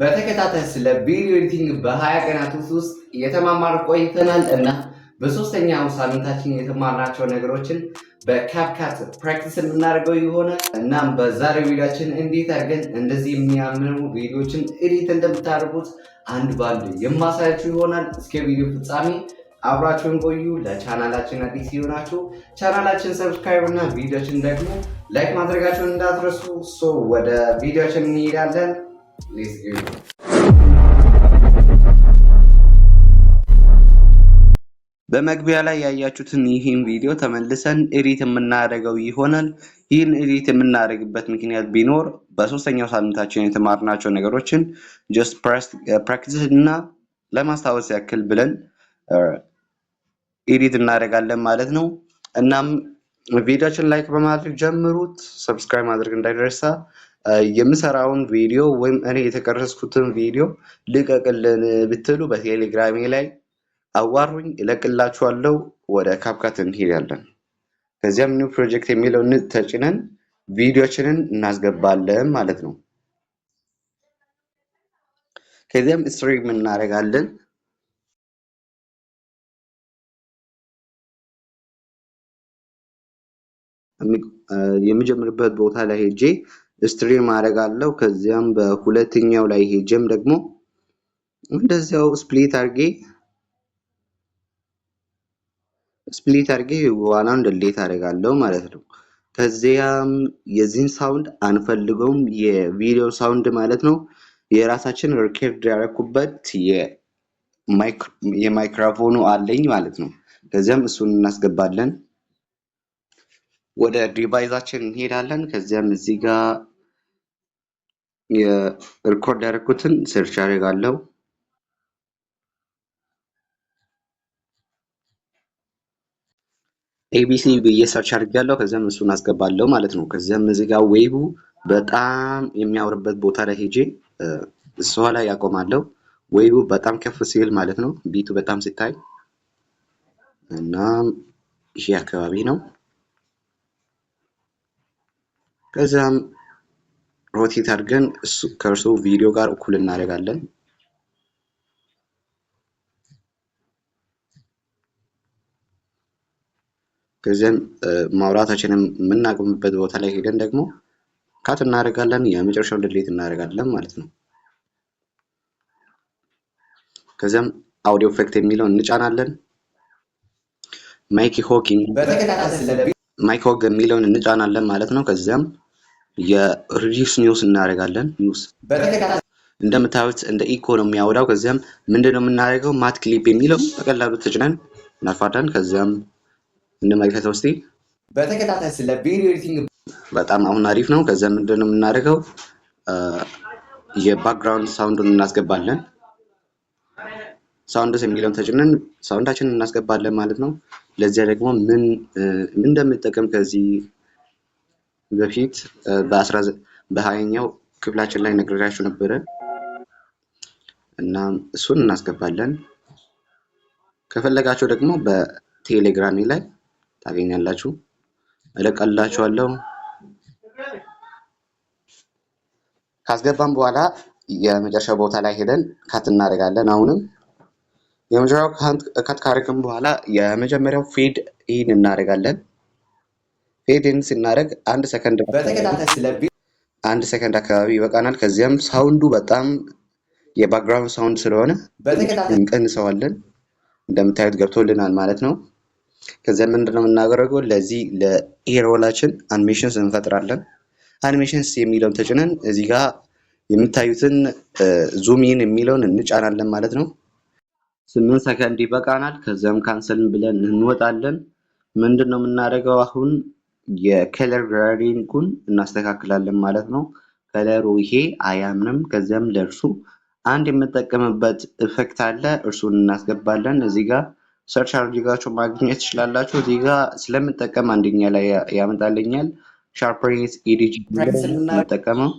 በተከታታይ ስለ ቪዲዮ ኤዲቲንግ በሀያ ቀናት ውስጥ የተማማር ቆይተናል እና በሶስተኛው ሳምንታችን የተማርናቸው ነገሮችን በካፕካት ፕራክቲስ የምናደርገው የሆነ እናም በዛሬ ቪዲዮችን እንዴት አድርገን እንደዚህ የሚያምሩ ቪዲዮችን ኤዲት እንደምታደርጉት አንድ ባንድ የማሳያችሁ ይሆናል። እስከ ቪዲዮ ፍጻሜ አብራችሁን ቆዩ። ለቻናላችን አዲስ ሲሆናችሁ ቻናላችን ሰብስክራይብ እና ቪዲዮችን ደግሞ ላይክ ማድረጋችሁን እንዳትረሱ። ሶ ወደ ቪዲዮችን እንሄዳለን። Let's go. በመግቢያ ላይ ያያችሁትን ይህን ቪዲዮ ተመልሰን ኤዲት የምናደርገው ይሆናል። ይህን ኤዲት የምናደርግበት ምክንያት ቢኖር በሶስተኛው ሳምንታችን የተማርናቸው ነገሮችን ጀስት ፕራክቲስ uh, እና ለማስታወስ ያክል ብለን ኤዲት uh, እናደርጋለን ማለት ነው። እናም ቪዲዮችን ላይክ በማድረግ ጀምሩት። ሰብስክራይብ ማድረግ እንዳይደረሳ የምሰራውን ቪዲዮ ወይም እኔ የተቀረጽኩትን ቪዲዮ ልቀቅልን ብትሉ በቴሌግራሜ ላይ አዋሩኝ እለቅላችኋለሁ። ወደ ካፕካት እንሄዳለን። ከዚያም ኒው ፕሮጀክት የሚለውን ተጭነን ቪዲዮችንን እናስገባለን ማለት ነው። ከዚያም ስትሪም እናደርጋለን። የሚጀምርበት ቦታ ላይ ሄጄ ስትሪም አደርጋለሁ። ከዚያም በሁለተኛው ላይ ሄጀም ደግሞ እንደዚያው ስፕሊት አርጌ ስፕሊት አርጌ በኋላ እንደሌት አደርጋለሁ ማለት ነው። ከዚያም የዚህን ሳውንድ አንፈልገውም፣ የቪዲዮ ሳውንድ ማለት ነው። የራሳችን ሪኮርድ ያደረኩበት የማይክሮፎኑ አለኝ ማለት ነው። ከዚያም እሱን እናስገባለን። ወደ ዲቫይዛችን እንሄዳለን። ከዚያም እዚህ ጋር የሪኮርድ ያደረኩትን ሰርች አደርጋለሁ። ኤቢሲ ብዬ ሰርች አድርጌያለሁ። ከዚያም እሱን አስገባለሁ ማለት ነው። ከዚያም እዚህ ጋር ዌቡ በጣም የሚያምርበት ቦታ ላይ ሄጄ እሷ ላይ ያቆማለሁ። ዌቡ በጣም ከፍ ሲል ማለት ነው። ቢቱ በጣም ሲታይ እና ይሄ አካባቢ ነው። ከዚያም ሮቴት አድርገን ከእርሱ ቪዲዮ ጋር እኩል እናደርጋለን። ከዚያም ማውራታችንን የምናቆምበት ቦታ ላይ ሄደን ደግሞ ካት እናደርጋለን። የመጨረሻው ድሌት እናደርጋለን ማለት ነው። ከዚያም አውዲዮ ኢፌክት የሚለውን እንጫናለን። ማይኪ ሆኪንግ ማይክሮግ የሚለውን እንጫናለን ማለት ነው። ከዚያም የሪዲስ ኒውስ እናደርጋለን። ኒውስ እንደምታዩት እንደ ኢኮ ነው የሚያወዳው። ከዚያም ምንድን ነው የምናደርገው? ማት ክሊፕ የሚለው በቀላሉ ተጭነን እናልፋለን። ከዚያም እንመለከተው እስኪ በተከታታይ ስለ ቪዲዮ ኤዲቲንግ በጣም አሁን አሪፍ ነው። ከዚያ ምንድን ነው የምናደርገው? የባክግራውንድ ሳውንዱን እናስገባለን። ሳውንድስ የሚለውን ተጭነን ሳውንዳችንን እናስገባለን ማለት ነው። ለዚያ ደግሞ ምን እንደምንጠቀም ከዚህ በፊት በሀያኛው ክፍላችን ላይ ነግሬያችሁ ነበረ እና እሱን እናስገባለን። ከፈለጋችሁ ደግሞ በቴሌግራሜ ላይ ታገኛላችሁ፣ እለቀላችኋለሁ። ካስገባም በኋላ የመጨረሻ ቦታ ላይ ሄደን ካት እናደርጋለን አሁንም የመጀመሪያው ከት ካደረግን በኋላ የመጀመሪያው ፌድ ይህን እናደርጋለን። ፌድን ስናደርግ አንድ ሰከንድ አንድ ሰከንድ አካባቢ ይበቃናል። ከዚያም ሳውንዱ በጣም የባክግራውንድ ሳውንድ ስለሆነ እንቀንሰዋለን። እንደምታዩት ገብቶልናል ማለት ነው። ከዚያም ነው የምናደርገው? ለዚህ ለኤሮላችን አኒሜሽንስ እንፈጥራለን። አኒሜሽንስ የሚለውን ተጭነን እዚህ ጋር የምታዩትን ዙሚን የሚለውን እንጫናለን ማለት ነው። ስምንት ሰከንድ ይበቃናል። ከዚያም ካንሰል ብለን እንወጣለን። ምንድን ነው የምናደርገው? አሁን የከለር ግራዲንጉን እናስተካክላለን ማለት ነው። ከለሩ ይሄ አያምንም። ከዚያም ለእርሱ አንድ የምንጠቀምበት ኢፌክት አለ። እርሱን እናስገባለን። እዚህ ጋር ሰርች አድርጋችሁ ማግኘት ትችላላችሁ። እዚህ ጋር ስለምጠቀም አንደኛ ላይ ያመጣልኛል። ሻርፕሬንስ ኢዲጂ ስንጠቀመው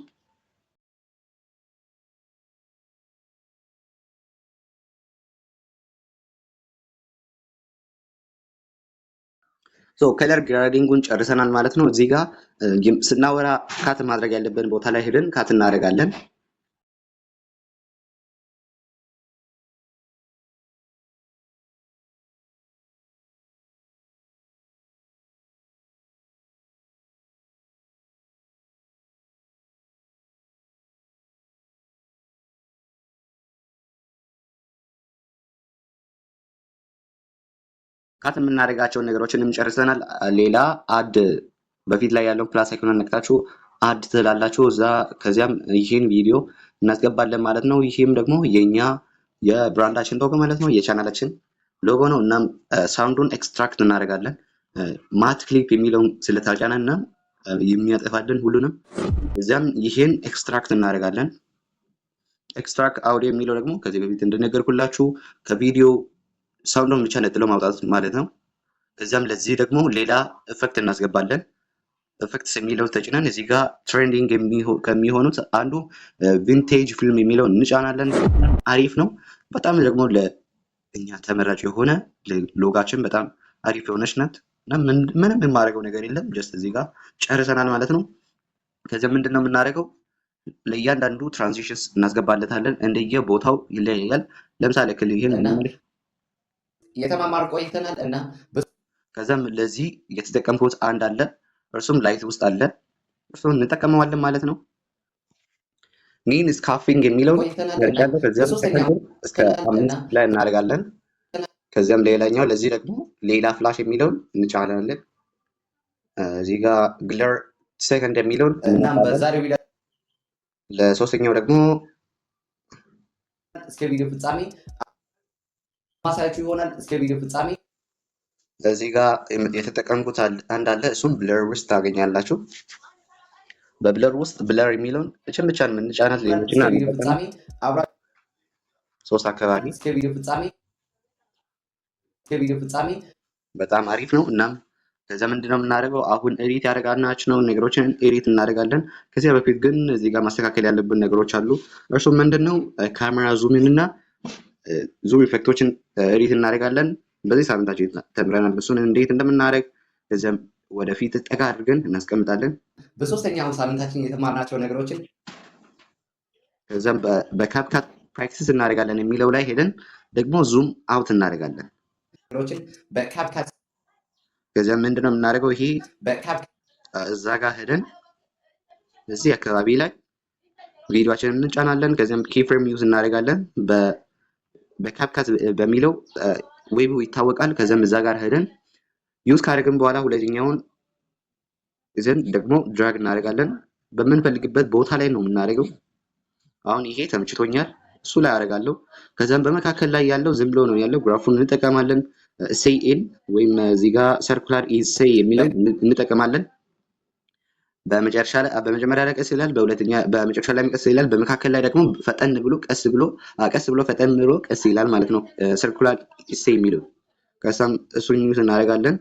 ከለር ግራዲንጉን ጨርሰናል ማለት ነው። እዚህ ጋር ስናወራ ካት ማድረግ ያለብን ቦታ ላይ ሄደን ካት እናደርጋለን። ካት የምናደርጋቸውን ነገሮችንም ጨርሰናል። ሌላ አድ በፊት ላይ ያለውን ፕላስ አይኮን ነቅታችሁ አድ ትላላችሁ። እዛ ከዚያም ይህን ቪዲዮ እናስገባለን ማለት ነው። ይህም ደግሞ የኛ የብራንዳችን ሎጎ ማለት ነው፣ የቻናላችን ሎጎ ነው። እናም ሳውንዱን ኤክስትራክት እናደርጋለን ማት ክሊፕ የሚለውን ስለታጫነ እና የሚያጠፋልን ሁሉንም እዚያም ይህን ኤክስትራክት እናደርጋለን። ኤክስትራክት አውዲዮ የሚለው ደግሞ ከዚህ በፊት እንደነገርኩላችሁ ከቪዲዮ ሳውንዱን ብቻ ነጥሎ ማውጣት ማለት ነው። ከዚያም ለዚህ ደግሞ ሌላ ኤፌክት እናስገባለን። ኤፌክትስ የሚለው ተጭነን እዚህ ጋር ትሬንዲንግ ከሚሆኑት አንዱ ቪንቴጅ ፊልም የሚለው እንጫናለን። አሪፍ ነው። በጣም ደግሞ ለእኛ ተመራጭ የሆነ ሎጋችን በጣም አሪፍ የሆነች ናት። ምንም የማደርገው ነገር የለም። ጀስት እዚህ ጋር ጨርሰናል ማለት ነው። ከዚያ ምንድን ነው የምናደርገው? ለእያንዳንዱ ትራንዚሽንስ እናስገባለታለን። እንደየ ቦታው ይለያያል። ለምሳሌ ክል ይህን እየተማማር ቆይተናል እና ከዚም ለዚህ የተጠቀምኩት አንድ አለ እርሱም ላይት ውስጥ አለ እርሱን እንጠቀመዋለን ማለት ነው። ሚን ስካፊንግ የሚለው ላይ እናደርጋለን። ከዚያም ሌላኛው ለዚህ ደግሞ ሌላ ፍላሽ የሚለውን እንጫናለን። እዚህ ጋር ግለር ሴከንድ የሚለውን ለሶስተኛው ደግሞ እስከ ቪዲዮ ፍጻሜ ማሳያችሁ ይሆናል እስከ ቪዲዮ ፍጻሜ። እዚህ ጋር የተጠቀምኩት አንድ አለ። እሱም ብለር ውስጥ ታገኛላችሁ። በብለር ውስጥ ብለር የሚለውን እችን ብቻ የምንጫናት ሌሎችን ሶስት አካባቢ በጣም አሪፍ ነው። እናም ከዚያ ምንድነው የምናደርገው? አሁን ኤዲት ነው ነገሮችን ኤዲት እናደርጋለን። ከዚያ በፊት ግን እዚህ ጋር ማስተካከል ያለብን ነገሮች አሉ። እርሱም ምንድን ነው ካሜራ ዙምን እና ዙም ኢፌክቶችን ሪት እናደርጋለን። በዚህ ሳምንታችን ተምረናል። እሱን እንዴት እንደምናደርግ ከዚያም ወደፊት ጠጋ አድርገን እናስቀምጣለን። በሶስተኛው ሳምንታችን የተማርናቸው ነገሮችን ከዚያም በካፕካት ፕራክቲስ እናደርጋለን የሚለው ላይ ሄደን ደግሞ ዙም አውት እናደርጋለን። ከዚያም ምንድነው የምናደርገው? ይሄ እዛ ጋር ሄደን እዚህ አካባቢ ላይ ቪዲዮችን እንጫናለን። ከዚያም ኪፍሬም ዩዝ እናደርጋለን። በካፕካት በሚለው ዌቡ ይታወቃል። ከዚም እዛ ጋር ሄደን ዩዝ ካደረግን በኋላ ሁለተኛውን ዘንድ ደግሞ ድራግ እናደርጋለን። በምንፈልግበት ቦታ ላይ ነው የምናደርገው። አሁን ይሄ ተመችቶኛል፣ እሱ ላይ አደርጋለሁ። ከዚም በመካከል ላይ ያለው ዝም ብሎ ነው ያለው። ግራፉን እንጠቀማለን። ኢን ወይም እዚህ ጋር ሰርኩላር ሴይ የሚለው እንጠቀማለን። በመጨረሻ ላይ በመጀመሪያ ላይ ቀስ ይላል፣ በሁለተኛ በመጨረሻ ላይ ቀስ ይላል፣ በመካከል ላይ ደግሞ ፈጠን ብሎ ቀስ ብሎ ቀስ ብሎ ፈጠን ብሎ ቀስ ይላል ማለት ነው። ሰርኩላር ኢሴ የሚለው ከዛም እሱን ዩዝ እናደርጋለን።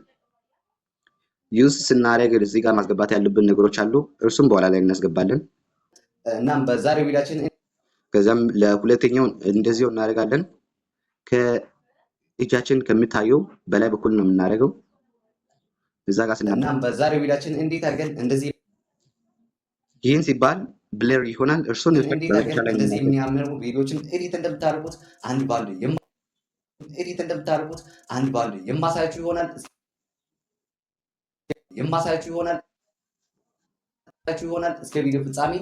ዩዝ ስናደርግ እዚህ ጋር ማስገባት ያለብን ነገሮች አሉ። እርሱም በኋላ ላይ እናስገባለን። እናም በዛሬ ቪዲያችን ከዛም ለሁለተኛው እንደዚያው እናደርጋለን። ከእጃችን ከሚታየው በላይ በኩል ነው የምናደርገው እዛ ጋር ስናም በዛሬ ቪዲያችን እንዴት አድርገን እንደዚህ ይህን ሲባል ብለር ይሆናል። እርሱን የሚያምሩ ቪዲዮችን ኤዲት እንደምታደርጉት አንድ ባንድ ኤዲት እንደምታደርጉት አንድ ባንድ የማሳያችሁ ይሆናል የማሳያችሁ ይሆናል ይሆናል እስከ ቪዲዮ ፍጻሜ።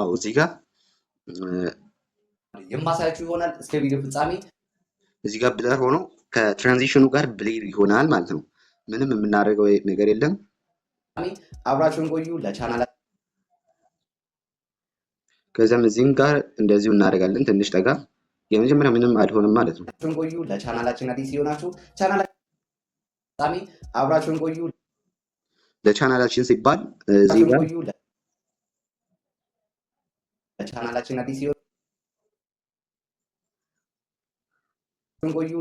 አዎ እዚህ ጋር የማሳያችሁ ይሆናል እስከ ቪዲዮ ፍጻሜ። እዚህ ጋር ብለር ሆኖ ከትራንዚሽኑ ጋር ብሌር ይሆናል ማለት ነው። ምንም የምናደርገው ነገር የለም። አብራችሁን ቆዩ ለቻናላ ከዚያም እዚህም ጋር እንደዚሁ እናደርጋለን። ትንሽ ጠጋ የመጀመሪያ ምንም አልሆንም ማለት ነው። ቆዩ ለቻናላችን አዲስ ሲሆናችሁ አብራችሁን ቆዩ። ለቻናላችን ሲባል እዚህ ጋር ለቻናላችን አዲስ ቆዩ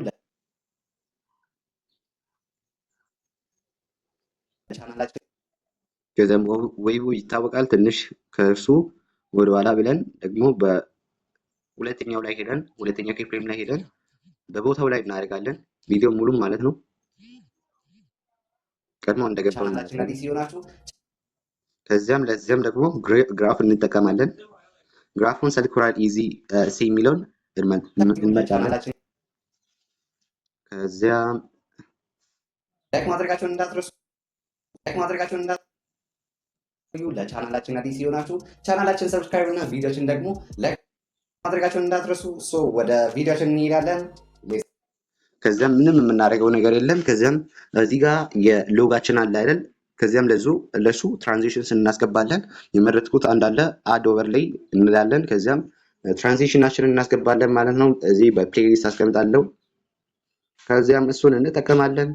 ከዚያም ወይቡ ይታወቃል ትንሽ ከእርሱ ወደኋላ ብለን ደግሞ በሁለተኛው ላይ ሄደን ሁለተኛው ኬፍሬም ላይ ሄደን በቦታው ላይ እናደርጋለን። ቪዲዮ ሙሉም ማለት ነው ቀድሞ እንደገባው ከዚያም ለዚያም ደግሞ ግራፍ እንጠቀማለን። ግራፉን ሰልኩራል ኢዚ ሲ የሚለውን እንመጫለን። ከዚያም ላይክ ማድረጋቸውን እንዳትረሱ ላይክ ማድረጋቸውን ለቻናላችን አዲስ ሲሆናችሁ ቻናላችን ሰብስክራይብ እና ቪዲዮችን ደግሞ ማድረጋቸውን እንዳትረሱ። ወደ ቪዲዮችን እንሄዳለን። ከዚያም ምንም የምናደርገው ነገር የለም። ከዚያም እዚህ ጋር የሎጋችን አለ አይደል? ከዚያም ለዙ ለሱ ትራንዚሽንስ እናስገባለን። የመረጥኩት አለ አድ ኦቨር ላይ እንላለን። ከዚያም ትራንዚሽናችንን እናስገባለን ማለት ነው። እዚህ በፕሌሊስት አስቀምጣለሁ። ከዚያም እሱን እንጠቀማለን።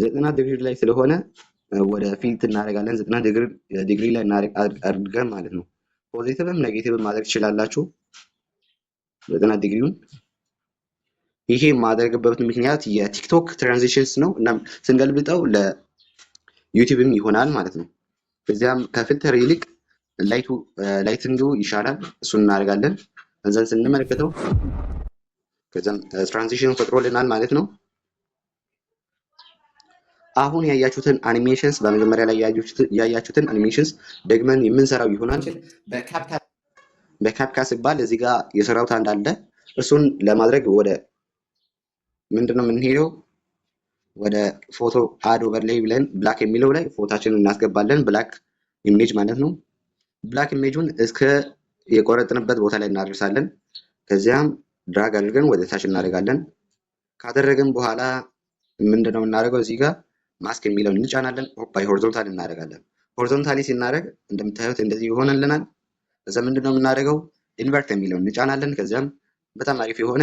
ዘጠና ዲግሪ ላይ ስለሆነ ወደ ፊልት እናደርጋለን። ዘጠና ዲግሪ ላይ አድርገን ማለት ነው። ፖዚቲቭም ኔጌቲቭም ማድረግ ትችላላችሁ ዘጠና ዲግሪውን። ይሄ የማደርግበት ምክንያት የቲክቶክ ትራንዚሽንስ ነው እና ስንገልብጠው ለዩቲዩብም ይሆናል ማለት ነው። እዚያም ከፊልተር ይልቅ ላይቲንጉ ይሻላል። እሱን እናደርጋለን። ከዛን ስንመለከተው ከዛም ትራንዚሽን ፈጥሮልናል ማለት ነው። አሁን ያያችሁትን አኒሜሽንስ በመጀመሪያ ላይ ያያችሁትን አኒሜሽንስ ደግመን የምንሰራው ይሆናል። በካፕካ ሲባል እዚህ ጋር የሰራውት አንድ አለ። እሱን ለማድረግ ወደ ምንድነው የምንሄደው? ወደ ፎቶ አድ ኦቨርላይ ብለን ብላክ የሚለው ላይ ፎታችንን እናስገባለን። ብላክ ኢሜጅ ማለት ነው። ብላክ ኢሜጁን እስከ የቆረጥንበት ቦታ ላይ እናደርሳለን። ከዚያም ድራግ አድርገን ወደ ታች እናደርጋለን። ካደረግን በኋላ ምንድነው የምናደርገው እዚህ ጋር ማስክ የሚለውን እንጫናለን። ባይ ሆሪዞንታል እናደርጋለን። ሆሪዞንታሊ ሲናደርግ እንደምታዩት እንደዚህ ይሆንልናል። ከዚያ ምንድን ነው የምናደርገው? ኢንቨርት የሚለውን እንጫናለን። ከዚያም በጣም አሪፍ የሆነ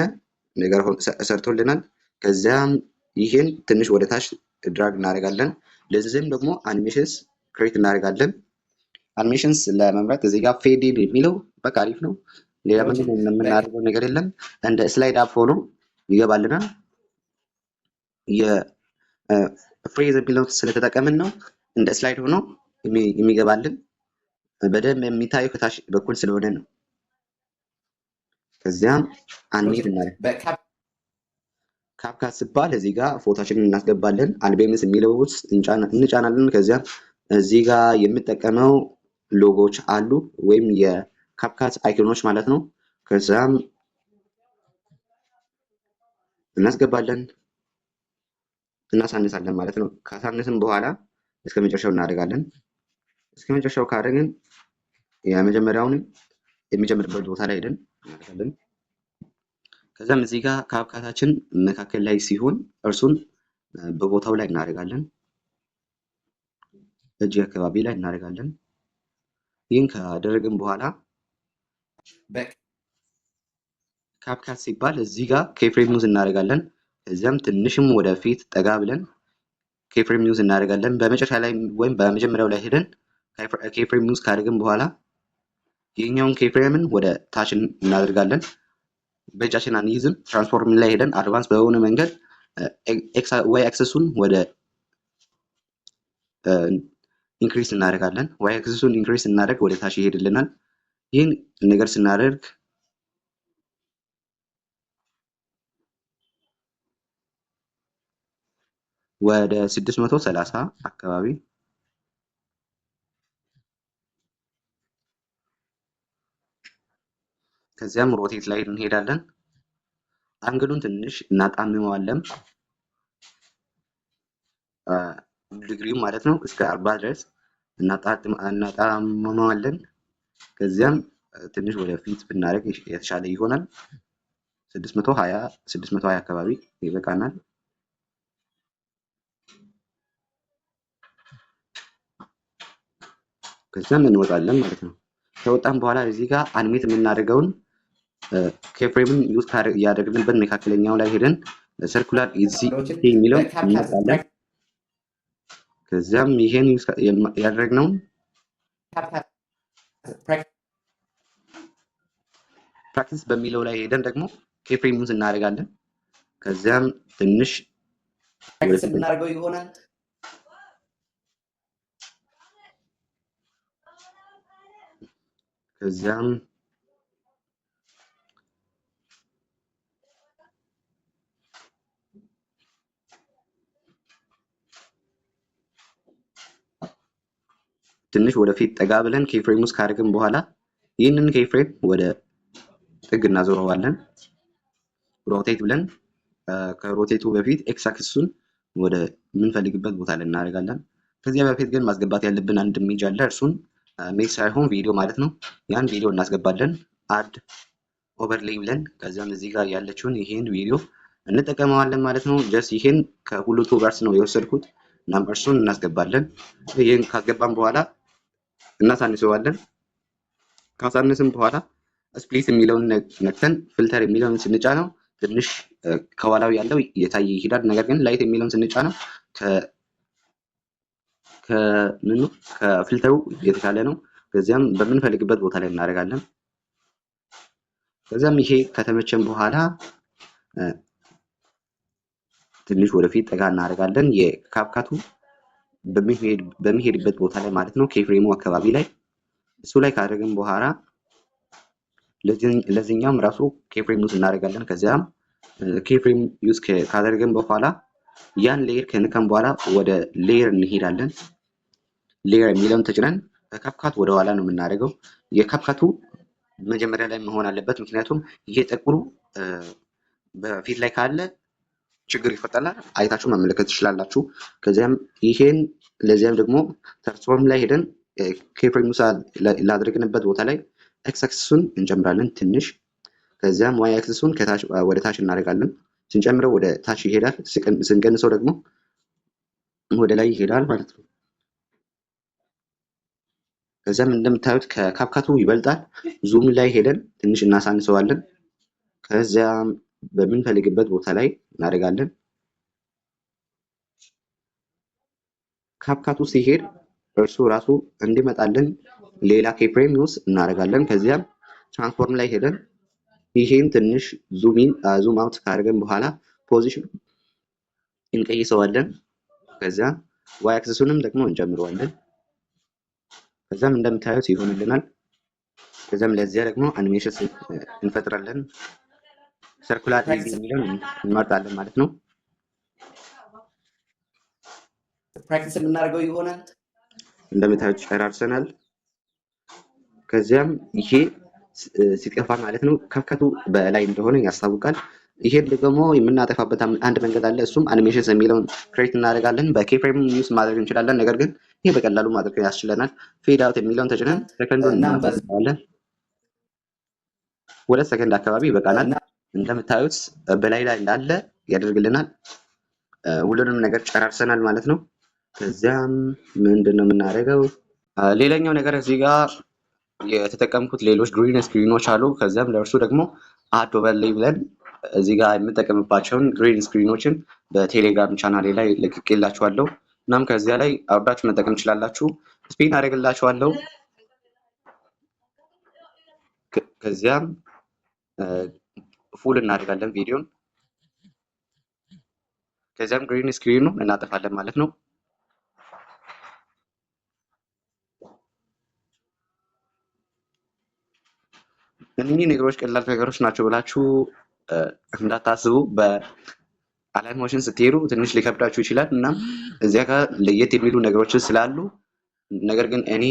ነገር ሰርቶልናል። ከዚያም ይህን ትንሽ ወደ ታች ድራግ እናደርጋለን። ለዚህም ደግሞ አኒሜሽንስ ክሬት እናደርጋለን። አኒሜሽንስ ለመምረጥ እዚህ ጋር ፌዴድ የሚለው በቃ አሪፍ ነው። ሌላ ምንም የምናደርገው ነገር የለም። እንደ ስላይድ አፕ ሆኖ ይገባልናል። ፍሬዝ የሚለውን ስለተጠቀምን ነው እንደ ስላይድ ሆኖ የሚገባልን በደንብ የሚታየው ከታች በኩል ስለሆነ ነው። ከዚያም አንሚድ እናለን። ካፕካት ስባል እዚህ ጋር ፎቶችንን እናስገባለን። አልቤምስ የሚለው ውስጥ እንጫናለን። ከዚያም እዚህ ጋር የምጠቀመው ሎጎዎች አሉ ወይም የካፕካት አይኮኖች ማለት ነው። ከዚያም እናስገባለን። እናሳንሳለን ማለት ነው። ከሳንስም በኋላ እስከ መጨረሻው እናደርጋለን። እስከ መጨረሻው ካደረግን የመጀመሪያውን የሚጀምርበት ቦታ ላይ ሄደን እናደርጋለን። ከዛም እዚህ ጋር ከአብካታችን መካከል ላይ ሲሆን እርሱን በቦታው ላይ እናደርጋለን። እጅ አካባቢ ላይ እናደርጋለን። ይህን ካደረግን በኋላ ካፕካት ሲባል እዚህ ጋር ኬፍሬሙዝ እናደርጋለን። እዚያም ትንሽም ወደፊት ጠጋ ብለን ኬፍሬም ዩዝ እናደርጋለን። በመጨረሻ ላይ ወይም በመጀመሪያው ላይ ሄደን ኬፍሬም ዩዝ ካደርግን በኋላ ይህኛውን ኬፍሬምን ወደ ታች እናደርጋለን። በእጃችን አንይዝም። ትራንስፎርም ላይ ሄደን አድቫንስ በሆነ መንገድ ዋይ አክሰሱን ወደ ኢንክሪስ እናደርጋለን። ዋይ አክሰሱን ኢንክሪስ እናደርግ ወደ ታች ይሄድልናል። ይህን ነገር ስናደርግ ወደ 630 አካባቢ ከዚያም ሮቴት ላይ እንሄዳለን። አንግሉን ትንሽ እናጣምመዋለን ዲግሪውም ማለት ነው እስከ 40 ድረስ እናጣምመዋለን። ከዚያም ትንሽ ወደ ፊት ብናደርግ የተሻለ ይሆናል። 620 620 አካባቢ ይበቃናል። ከዛም እንወጣለን ማለት ነው። ከወጣን በኋላ እዚህ ጋር አንሜት የምናደርገውን ኬፍሬምን ዩዝ እያደረግንበት መካከለኛው ላይ ሄደን ሰርኩላር ኢዚ የሚለው እንመጣለን። ከዚያም ይሄን ያደረግነውን ፕራክቲስ በሚለው ላይ ሄደን ደግሞ ኬፍሬሙን እናደርጋለን። ከዚያም ትንሽ ፕራክቲስ ስናደርገው ይሆናል ከዚያም ትንሽ ወደፊት ጠጋ ብለን ኬፍሬም ውስጥ ካደረግን በኋላ ይህንን ኬፍሬም ወደ ጥግ እናዞረዋለን። ሮቴት ብለን ከሮቴቱ በፊት ኤክስ አክሱን ወደ የምንፈልግበት ቦታ ላይ እናደርጋለን። ከዚያ በፊት ግን ማስገባት ያለብን አንድ ሜጅ አለ። እርሱን ሜክ ሳይሆን ቪዲዮ ማለት ነው። ያን ቪዲዮ እናስገባለን አድ ኦቨርሌይ ብለን ከዚያም እዚህ ጋር ያለችውን ይሄን ቪዲዮ እንጠቀመዋለን ማለት ነው። ጀስት ይሄን ከሁሉ ቱበርስ ነው የወሰድኩት። ናምበርሱን እናስገባለን። ይሄን ካስገባን በኋላ እናሳንሰዋለን። ካሳንስም በኋላ ስፕሊት የሚለውን ነክተን ፊልተር የሚለውን ስንጫ ነው ትንሽ ከኋላው ያለው የታየ ይሄዳል። ነገር ግን ላይት የሚለውን ስንጫ ነው ከምኑ ከፊልተሩ የተሻለ ነው። ከዚያም በምንፈልግበት ቦታ ላይ እናደርጋለን። ከዚያም ይሄ ከተመቸን በኋላ ትንሽ ወደፊት ጠጋ እናደርጋለን። የካፕካቱ በሚሄድበት ቦታ ላይ ማለት ነው፣ ኬፍሬሙ አካባቢ ላይ እሱ ላይ ካደረግን በኋላ ለዚህኛውም ራሱ ኬፍሬም ዩዝ እናደርጋለን። ከዚያም ኬፍሬም ዩዝ ካደረግን በኋላ ያን ሌየር ከነካም በኋላ ወደ ሌየር እንሄዳለን። ሌየር የሚለውን ተጭነን ከካፕካት ወደኋላ ነው የምናደርገው። የካፕካቱ መጀመሪያ ላይ መሆን አለበት፣ ምክንያቱም ይሄ ጥቁሩ በፊት ላይ ካለ ችግር ይፈጠራል። አይታችሁ መመለከት ትችላላችሁ። ከዚያም ይሄን ለዚያም ደግሞ ተርስፎርም ላይ ሄደን ኬፍሬሙሳ ላድርግንበት ቦታ ላይ ኤክስ አክሲሱን እንጨምራለን ትንሽ። ከዚያም ዋይ አክሲሱን ወደ ታች እናደርጋለን። ስንጨምረው ወደ ታች ይሄዳል፣ ስንቀንሰው ደግሞ ወደ ላይ ይሄዳል ማለት ነው። ከዚያም እንደምታዩት ከካፕካቱ ይበልጣል። ዙም ላይ ሄደን ትንሽ እናሳንሰዋለን። ከዚያም በምንፈልግበት ቦታ ላይ እናደርጋለን። ካፕካቱ ሲሄድ እርሱ ራሱ እንዲመጣልን ሌላ ኬፕሬም ዩስ እናደርጋለን። ከዚያም ትራንስፎርም ላይ ሄደን ይሄን ትንሽ ዙሚን ዙም አውት ካደረገን በኋላ ፖዚሽን እንቀይሰዋለን። ከዚያ ዋይ አክሰሱንም ደግሞ እንጨምረዋለን። ከዛም እንደምታዩት ይሆንልናል። ከዛም ለዚያ ደግሞ አኒሜሽን እንፈጥራለን። ሰርኩላር የሚለውን እንመርጣለን ማለት ነው። ፕራክቲስ የምናደርገው ይሆናል። እንደምታዩት ጨራርሰናል። ከዚያም ይሄ ሲጠፋ ማለት ነው ከፍከቱ በላይ እንደሆነ ያስታውቃል። ይሄን ደግሞ የምናጠፋበት አንድ መንገድ አለ። እሱም አኒሜሽንስ የሚለውን ክሬት እናደርጋለን። በኬፍሬም ዩስ ማድረግ እንችላለን። ነገር ግን ይሄ በቀላሉ ማድረግ ያስችለናል። ፌድ አውት የሚለውን ተጭነን ሰከንዱን እናለን። ሁለት ሰከንድ አካባቢ ይበቃናል። እንደምታዩት በላይ ላይ እንዳለ ያደርግልናል። ሁሉንም ነገር ጨራርሰናል ማለት ነው። ከዚያም ምንድን ነው የምናደርገው? ሌላኛው ነገር እዚህ ጋር የተጠቀምኩት ሌሎች ግሪን ስክሪኖች አሉ። ከዚያም ለእርሱ ደግሞ አድ ኦቨርሌይ ብለን እዚህ ጋር የምጠቀምባቸውን ግሪን ስክሪኖችን በቴሌግራም ቻናሌ ላይ ልቅቄላችኋለሁ። እናም ከዚያ ላይ አውርዳችሁ መጠቀም ትችላላችሁ። ስፒን አደርግላችኋለሁ። ከዚያም ፉል እናደርጋለን ቪዲዮን። ከዚያም ግሪን ስክሪኑ እናጠፋለን ማለት ነው። እኒህ ነገሮች ቀላል ነገሮች ናቸው ብላችሁ እንዳታስቡ በአላይን ሞሽን ስትሄዱ ትንሽ ሊከብዳችሁ ይችላል እና እዚያ ጋር ለየት የሚሉ ነገሮችን ስላሉ ነገር ግን እኔ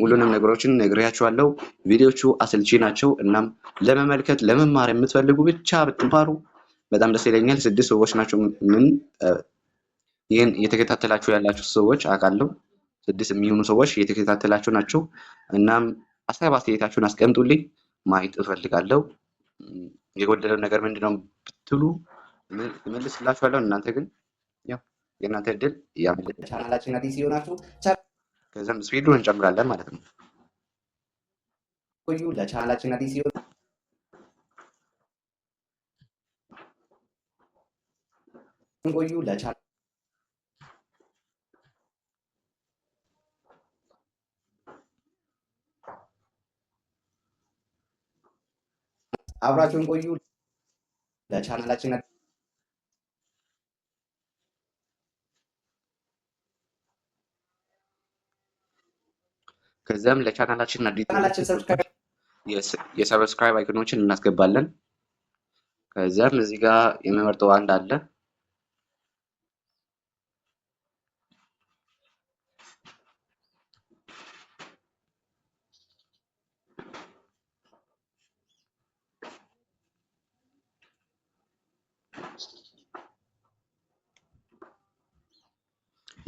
ሁሉንም ነገሮችን ነግሬያችኋለሁ። ቪዲዮቹ አሰልቺ ናቸው። እናም ለመመልከት ለመማር የምትፈልጉ ብቻ ብትማሩ በጣም ደስ ይለኛል። ስድስት ሰዎች ናቸው። ምን ይህን እየተከታተላችሁ ያላችሁ ሰዎች አውቃለሁ፣ ስድስት የሚሆኑ ሰዎች እየተከታተላችሁ ናቸው። እናም አሳብ አስተያየታችሁን አስቀምጡልኝ፣ ማየት እፈልጋለሁ። የጎደለው ነገር ምንድን ነው ብትሉ እመልስላችኋለሁ። እናንተ ግን የእናንተ እድል ቻናላችን አዲስ ሲሆናችሁ ከዚም ስፒዱ እንጨምራለን ማለት ነው። ለቻናላችን አዲስ ሲሆን ቆዩ ለቻ አብራችሁን ቆዩ። ለቻናላችን ከዚያም ለቻናላችን አዲስ የሰብስክራይብ አይኮኖችን እናስገባለን። ከዚያም እዚህ ጋር የሚመርጠው አንድ አለ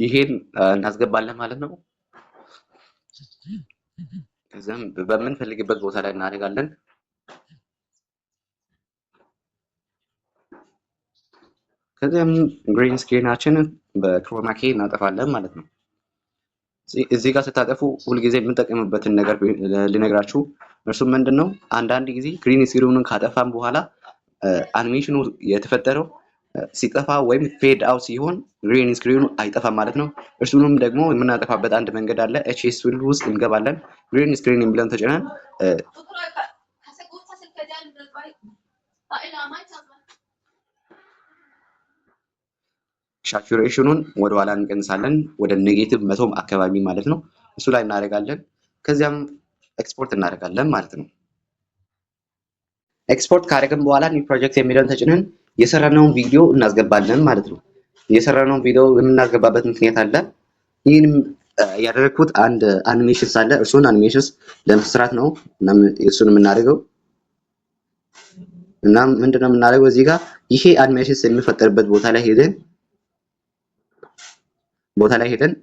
ይሄን እናስገባለን ማለት ነው። እዚም በምንፈልግበት ቦታ ላይ እናደርጋለን። ከዚያም ግሪን ስክሪናችን በክሮማኬ እናጠፋለን ማለት ነው። እዚህ ጋር ስታጠፉ ሁልጊዜ የምንጠቀምበትን ነገር ልነግራችሁ፣ እርሱም ምንድን ነው? አንዳንድ ጊዜ ግሪን ስክሪኑን ካጠፋን በኋላ አኒሜሽኑ የተፈጠረው ሲጠፋ ወይም ፌድ አውት ሲሆን ግሪን ስክሪኑ አይጠፋም ማለት ነው። እርሱንም ደግሞ የምናጠፋበት አንድ መንገድ አለ። ኤች ኤስ ዊል ውስጥ እንገባለን። ግሪን ስክሪን ብለን ተጭነን ሳቹሬሽኑን ወደኋላ እንቀንሳለን ወደ ኔጌቲቭ መቶም አካባቢ ማለት ነው። እሱ ላይ እናደርጋለን። ከዚያም ኤክስፖርት እናደርጋለን ማለት ነው። ኤክስፖርት ካደረግን በኋላ ኒው ፕሮጀክት የሚለውን ተጭነን የሰራነውን ቪዲዮ እናስገባለን ማለት ነው። የሰራነውን ቪዲዮ የምናስገባበት ምክንያት አለ። ይህን ያደረግኩት አንድ አኒሜሽንስ አለ። እርሱን አኒሜሽንስ ለመስራት ነው። እሱን የምናደርገው እናም ምንድነው የምናደርገው እዚህ ጋር ይሄ አኒሜሽንስ የሚፈጠርበት ቦታ ላይ ሄደን ቦታ ላይ ሄደን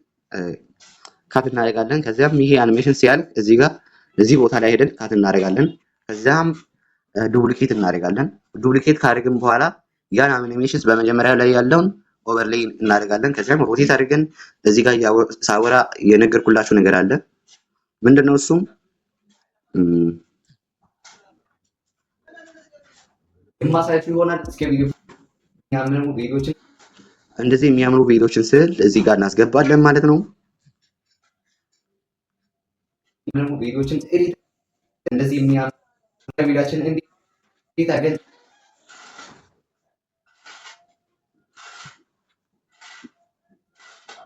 ካት እናደርጋለን። ከዚያም ይሄ አኒሜሽን ሲያልቅ እዚህ ጋር እዚህ ቦታ ላይ ሄደን ካት እናደርጋለን። ከዚያም ዱፕሊኬት እናደርጋለን። ዱፕሊኬት ካደርግን በኋላ ያን አኒሜሽንስ በመጀመሪያ ላይ ያለውን ኦቨርሌይ እናደርጋለን። ከዚያም ሮቴት አድርገን እዚህ ጋር ሳወራ የነገርኩላችሁ ነገር አለ። ምንድን ነው እሱም እንደዚህ የሚያምሩ ቤቶችን ስል እዚህ ጋር እናስገባለን ማለት ነው። እንደዚህ የሚያምሩ ቢላችን እንዴት አገል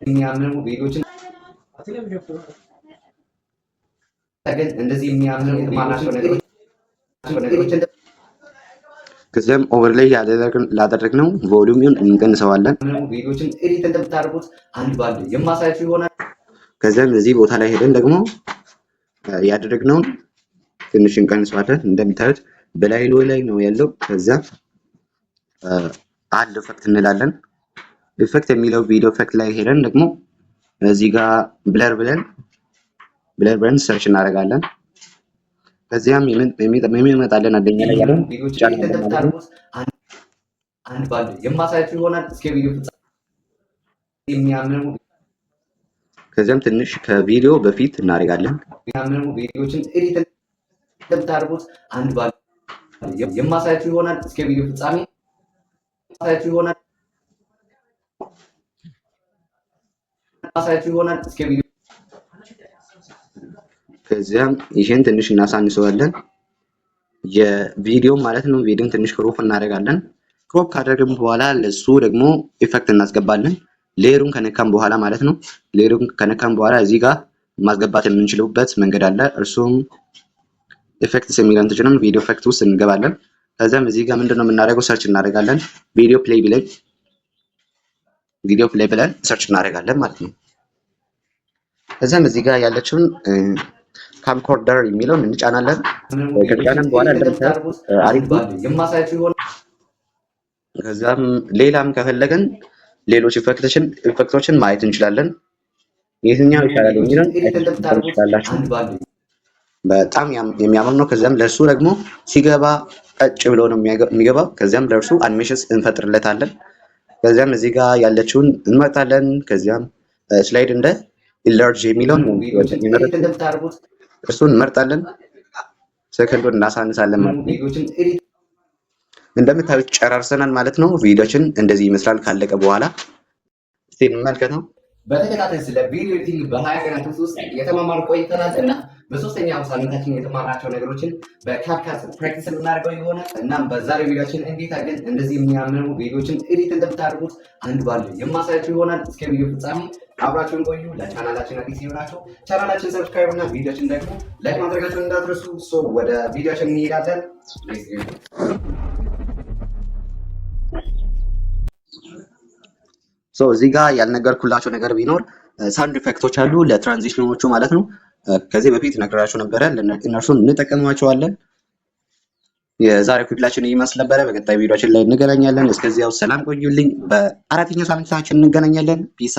የሚያምኑ ቤቶችን እንደዚህ ነገሮች ከዚያም ኦቨርላይ ላደረግነው ቮሉሚን እንቀንሰዋለን። ቪዲዮችን አንድ ባንድ ይሆናል። ከዚያም እዚህ ቦታ ላይ ሄደን ደግሞ ያደረግነውን ትንሽ እንቀንሰዋለን። እንደምታዩት በላይ ላይ ነው ያለው። ከዛ አድ ኢፌክት እንላለን። ኢፌክት የሚለው ቪዲዮ ኢፌክት ላይ ሄደን ደግሞ እዚህ ጋር ብለር ብለን ብለር ብለን ሰርች እናደርጋለን። ከዚያም የሚመጣለን አደኛ ላይ ያለው አንድ ባንድ የማሳያችሁ ይሆናል። እስከ ቪዲዮ ፍጻሜ የሚያምኑ ከዚያም ትንሽ ከቪዲዮ በፊት እናደርጋለን የሚያምኑ ቪዲዮዎችን ኤዲት እንደምታደርጉት አንድ ባል የማሳያችሁ ይሆናል። እስከ ቪዲዮ ፍጻሜ ማሳያችሁ ይሆናል ማሳያችሁ ይሆናል። እስከ ቪዲዮ ከዚያም ይሄን ትንሽ እናሳንሰዋለን የቪዲዮ ማለት ነው። ቪዲዮን ትንሽ ክሮፕ እናደርጋለን። ክሮፕ ካደረግን በኋላ ለሱ ደግሞ ኢፌክት እናስገባለን። ሌሩን ከነካም በኋላ ማለት ነው። ሌሩን ከነካም በኋላ እዚህ ጋር ማስገባት የምንችልበት መንገድ አለ እርሱም ኢፌክትስ የሚለን ትችንም ቪዲዮ ኢፌክት ውስጥ እንገባለን። ከዚያም እዚህ ጋር ምንድነው ነው የምናደርገው ሰርች እናደርጋለን። ቪዲዮ ፕሌይ ብለን ቪዲዮ ፕሌይ ብለን ሰርች እናደርጋለን ማለት ነው። ከዚያም እዚህ ጋር ያለችውን ካምኮርደር የሚለውን እንጫናለን። ከጫንም በኋላ እንደምታያት አሪፍ ከዚያም ሌላም ከፈለገን ሌሎች ኢፌክቶችን ማየት እንችላለን። የትኛው ይሻላል የሚለውን ይችላላችሁ። በጣም የሚያምር ነው። ከዚያም ለእርሱ ደግሞ ሲገባ ቀጭ ብሎ ነው የሚገባው። ከዚያም ለእርሱ አኒሜሽንስ እንፈጥርለታለን። ከዚያም እዚህ ጋር ያለችውን እንመርጣለን። ከዚያም ስላይድ እንደ ኢንላርጅ የሚለውን እሱን እንመርጣለን። ሰከንዱን እናሳንሳለን ማለት እንደምታዩት ጨራርሰናል ማለት ነው። ቪዲዮችን እንደዚህ ይመስላል። ካለቀ በኋላ እስቲ እንመልከት ነው። በተከታታይ ስለ ቪዲዮ ኤዲቲንግ በሀያ ቀናት ውስጥ የተማማር ቆይተናል እና በሶስተኛ ሳምንታችን የተማራቸው ነገሮችን በካፕካት ፕራክቲስ የምናደርገው የሆነ እናም በዛሬ ቪዲዮችን እንዴት አድርገን እንደዚህ የሚያምሩ ቪዲዮችን ኤዲት እንደምታደርጉት አንድ ባለ የማሳያቸው ይሆናል። እስከ ቪዲዮ ፍጻሜ አብራችሁን ቆዩ። ለቻናላችን አዲስ የሆናችሁ ቻናላችን ሰብስክራይብ እና ቪዲዮችን ደግሞ ላይክ ማድረጋችሁን እንዳትረሱ። ሶ ወደ ቪዲዮችን እንሄዳለን። እዚህ ጋር ያልነገርኩላቸው ነገር ቢኖር ሳውንድ ኢፌክቶች አሉ ለትራንዚሽኖቹ ማለት ነው። ከዚህ በፊት ነግራችሁ ነበረ። እነርሱን እንጠቀማቸዋለን። የዛሬ ክፍላችን ይመስል ነበረ። በቀጣይ ቪዲዮችን ላይ እንገናኛለን። እስከዚያው ሰላም ቆዩልኝ። በአራተኛው ሳምንታችን እንገናኛለን። ፒሳ